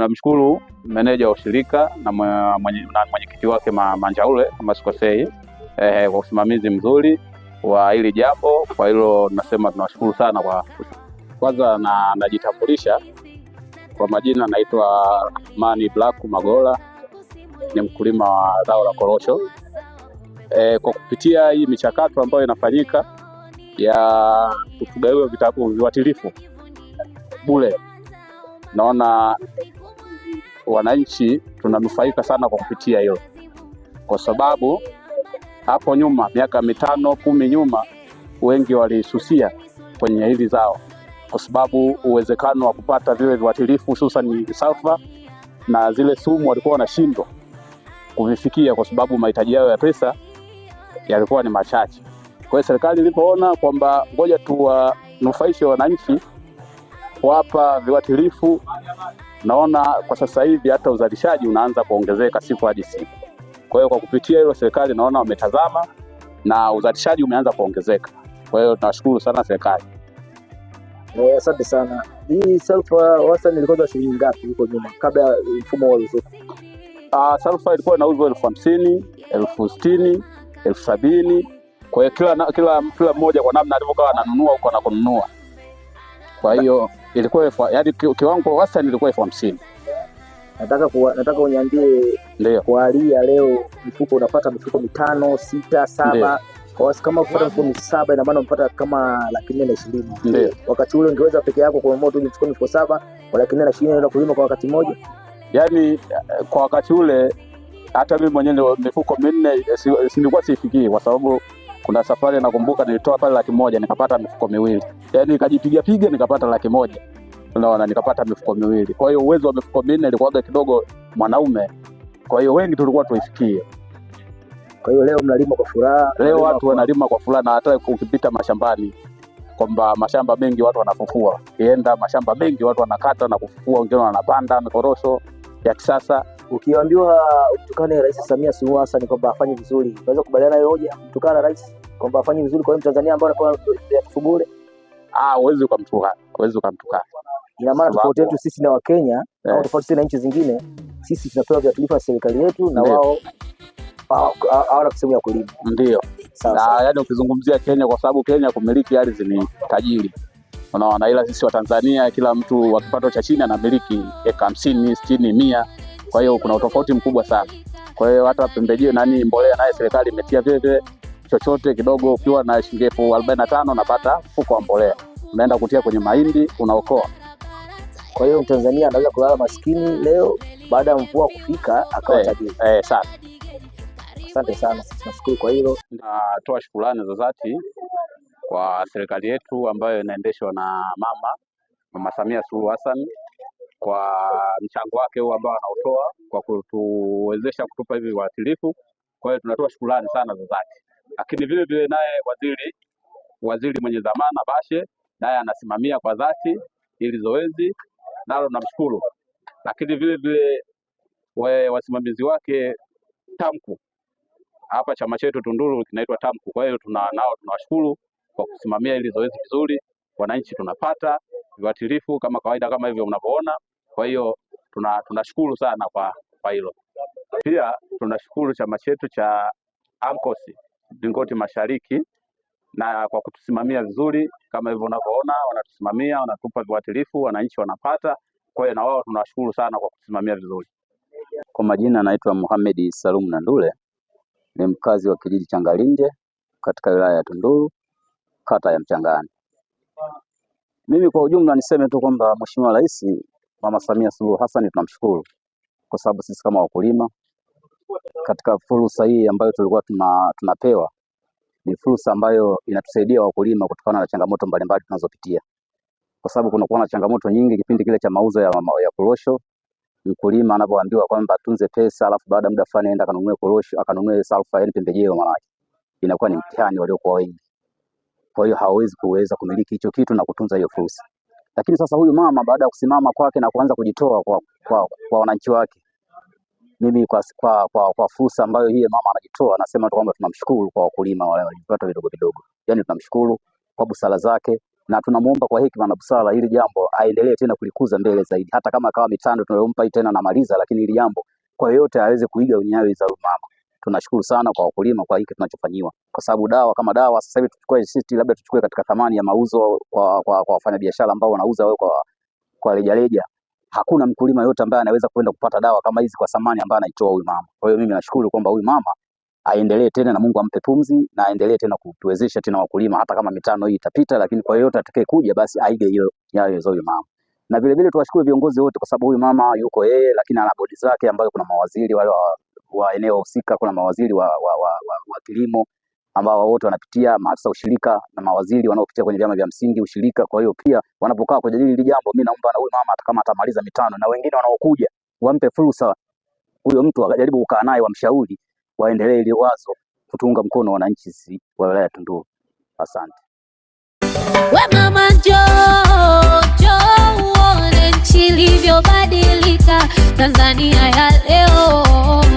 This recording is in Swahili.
Tunamshukuru meneja wa ushirika na mwenyekiti wake Manjaule kama sikosei, eh, kwa usimamizi mzuri wa hili jambo. Kwa hilo tunasema tunawashukuru sana. Kwa kwanza na najitambulisha kwa majina, naitwa Mani Black Magola, ni mkulima wa zao la korosho. E, kwa kupitia hii michakato ambayo inafanyika ya kutugawiwa vitabu viwatilifu bule naona wananchi tunanufaika sana kwa kupitia hilo, kwa sababu hapo nyuma, miaka mitano kumi nyuma, wengi walisusia kwenye hili zao, kwa sababu uwezekano wa kupata vile viwatilifu hususan salfa na zile sumu walikuwa wanashindwa kuvifikia kwa sababu mahitaji yao ya pesa yalikuwa ni machache. Kwa hiyo serikali ilipoona kwamba ngoja tuwanufaishe wananchi kuwapa viwatilifu naona kwa sasa hivi hata uzalishaji unaanza kuongezeka siku hadi siku. Kwa hiyo kwa kupitia hilo, serikali naona wametazama na uzalishaji umeanza kuongezeka. Kwa hiyo tunashukuru sana serikali. Eh, asante sana. Hii salfa wastani ilikuwa shilingi ngapi huko nyuma kabla ya mfumo wa ruzuku? Ah, salfa ilikuwa inauzwa elfu hamsini, elfu sitini, elfu sabini. Kwa hiyo kila, kila, kila mmoja kwa namna alivyokuwa ananunua huko anakununua kwa hiyo ilikuwa elfu, yaani kiwango wastani ilikuwa elfu hamsini. Nataka kuwa, nataka uniambie ndio kwa hali ya leo mfuko unapata mifuko mitano sita saba Kawasi kama kupata mifuko ni saba ina maana unapata kama laki nne na ishirini. Ndio. Wakati ule ungeweza peke yako kwa moto mifuko mifuko saba kwa laki nne na ishirini unaenda kulima kwa wakati mmoja. yani eh, kwa wakati ule hata mimi mwenyewe mifuko minne si, si, si, nilikuwa siifikii kwa sababu kuna safari nakumbuka nilitoa pale laki moja nikapata mifuko miwili, yani nikajipiga piga nikapata laki moja unaona, nikapata mifuko miwili. Kwa hiyo uwezo wa mifuko minne ilikuwaga kidogo mwanaume, kwa hiyo wengi tulikuwa tuifikie. Kwa hiyo leo mnalima kwa furaha, leo watu wanalima kwa furaha, na hata ukipita mashambani kwamba mashamba mengi watu wanafufua, ukienda mashamba mengi watu wanakata na kufufua, wengine wanapanda mikorosho ya kisasa. Ukiambiwa mtukane Rais Samia Suluhu Hassan kwamba afanye vizuri, unaweza kubaliana hiyo hoja kutokana na rais kwamba afanye vizuri kwa Mtanzania ambaye anakuwa atufugule? Ah, uwezi ukamtukana, uwezi ukamtukana. Ina maana tofauti yetu sisi na Wakenya eh, au tofauti na nchi zingine, sisi tunapewa viuatilifu na serikali yetu na wao hawana sehemu ya kulima. Ndio yani, ukizungumzia Kenya, kwa sababu Kenya kumiliki ardhi ni tajiri unaona, ila sisi wa Tanzania kila mtu wa kipato cha chini anamiliki eka hamsini, sitini, mia kwa hiyo kuna utofauti mkubwa sana. Kwa hiyo hata pembejeo nani mbolea naye serikali imetia vyevye chochote kidogo, ukiwa na shilingi elfu arobaini na tano unapata mfuko wa mbolea, unaenda kutia kwenye mahindi, unaokoa. Kwa hiyo Mtanzania anaweza kulala maskini leo, baada ya mvua kufika akawa tajiri. Eh, eh, sana. Asante sana, nashukuru kwa hilo. Natoa shukrani za dhati kwa serikali yetu ambayo inaendeshwa na mama Mama Samia Suluhu Hassan kwa mchango wake huu ambao anaotoa kwa kutuwezesha kutupa hivi viwatilifu. Kwa hiyo tunatoa shukrani sana za dhati, lakini vile vile naye waziri waziri mwenye dhamana Bashe naye anasimamia kwa dhati ili zoezi nalo namshukuru, lakini vile vile we, wasimamizi wake TAMKU hapa chama chetu Tunduru kinaitwa TAMKU. Kwa hiyo tuna nao tunawashukuru kwa kusimamia ili zoezi vizuri, wananchi tunapata viwatilifu kama kawaida, kama hivyo mnavyoona. Kwa hiyo tuna tunashukuru sana kwa kwa hilo. Pia tunashukuru chama chetu cha AMCOS Dingoti Mashariki na kwa kutusimamia vizuri, kama hivyo unavyoona, wanatusimamia wanatupa viwatilifu wananchi wanapata. Kwa hiyo na wao tunawashukuru sana kwa kutusimamia vizuri. Kwa majina anaitwa Mohamed Salum Nandule, ni mkazi wa kijiji cha Ngalinde katika wilaya ya Tunduru, kata ya Mchangani. Mimi kwa ujumla niseme tu kwamba Mheshimiwa Rais Mama Samia Suluhu Hassan tunamshukuru kwa sababu sisi kama wakulima katika fursa hii ambayo tulikuwa tuna, tunapewa ni fursa ambayo inatusaidia wakulima kutokana na changamoto mbalimbali tunazopitia, kwa sababu kunakuwa na changamoto nyingi. Kipindi kile cha mauzo ya, ya korosho, mkulima anapoambiwa kwamba tunze pesa, alafu baada ya muda fulani aenda akanunue korosho, akanunue salfa, yani pembejeo, maana inakuwa ni mtihani waliokuwa wengi. Kwa hiyo hawawezi kuweza kumiliki hicho kitu na kutunza hiyo fursa. Lakini sasa huyu mama baada ya kusimama kwake na kuanza kujitoa kwa, kwa, kwa wananchi wake, mimi kwa, kwa, kwa, kwa fursa ambayo hiye mama anajitoa, nasema tu kwamba tunamshukuru kwa wakulima wale walipata vidogo vidogo, yani tunamshukuru kwa busara zake na tunamuomba kwa hekima na busara hili jambo aendelee tena kulikuza mbele zaidi, hata kama akawa mitando tunayompa tena namaliza, lakini hili jambo kwa yote aweze kuiga unyayo za mama tunashukuru sana kwa wakulima kwa hiki tunachofanyiwa, kwa sababu dawa kama dawa sasa hivi tuchukue sisi, labda tuchukue katika thamani ya mauzo kwa, kwa, kwa wafanyabiashara ambao wanauza wao kwa kwa rejareja, hakuna mkulima yote ambaye anaweza kwenda kupata dawa kama hizi kwa thamani ambayo anaitoa huyu mama. Kwa hiyo mimi nashukuru kwamba huyu mama aendelee tena na Mungu ampe pumzi na aendelee tena kutuwezesha tena wakulima, hata kama mitano hii itapita, lakini kwa yote atakaye kuja basi aige hiyo nyayo za huyu mama na vile vile tuwashukuru viongozi wote, kwa sababu huyu mama yuko yeye, lakini ana bodi zake ambayo kuna mawaziri wale wa wa eneo husika, kuna mawaziri wa, wa, wa, wa, wa kilimo ambao wote wanapitia, maafisa ushirika na mawaziri wanaopitia kwenye vyama vya msingi ushirika. Kwa hiyo pia wanapokaa kujadili hili jambo, mimi naomba na huyu mama hata kama atamaliza mitano na wengine wanaokuja wampe fursa huyo mtu akajaribu kukaa naye, wamshauri waendelee ile wazo kutunga mkono wananchi wa wilaya ya Tunduru. Asante we mama, njoo njoo uone nchi ilivyobadilika, Tanzania ya leo.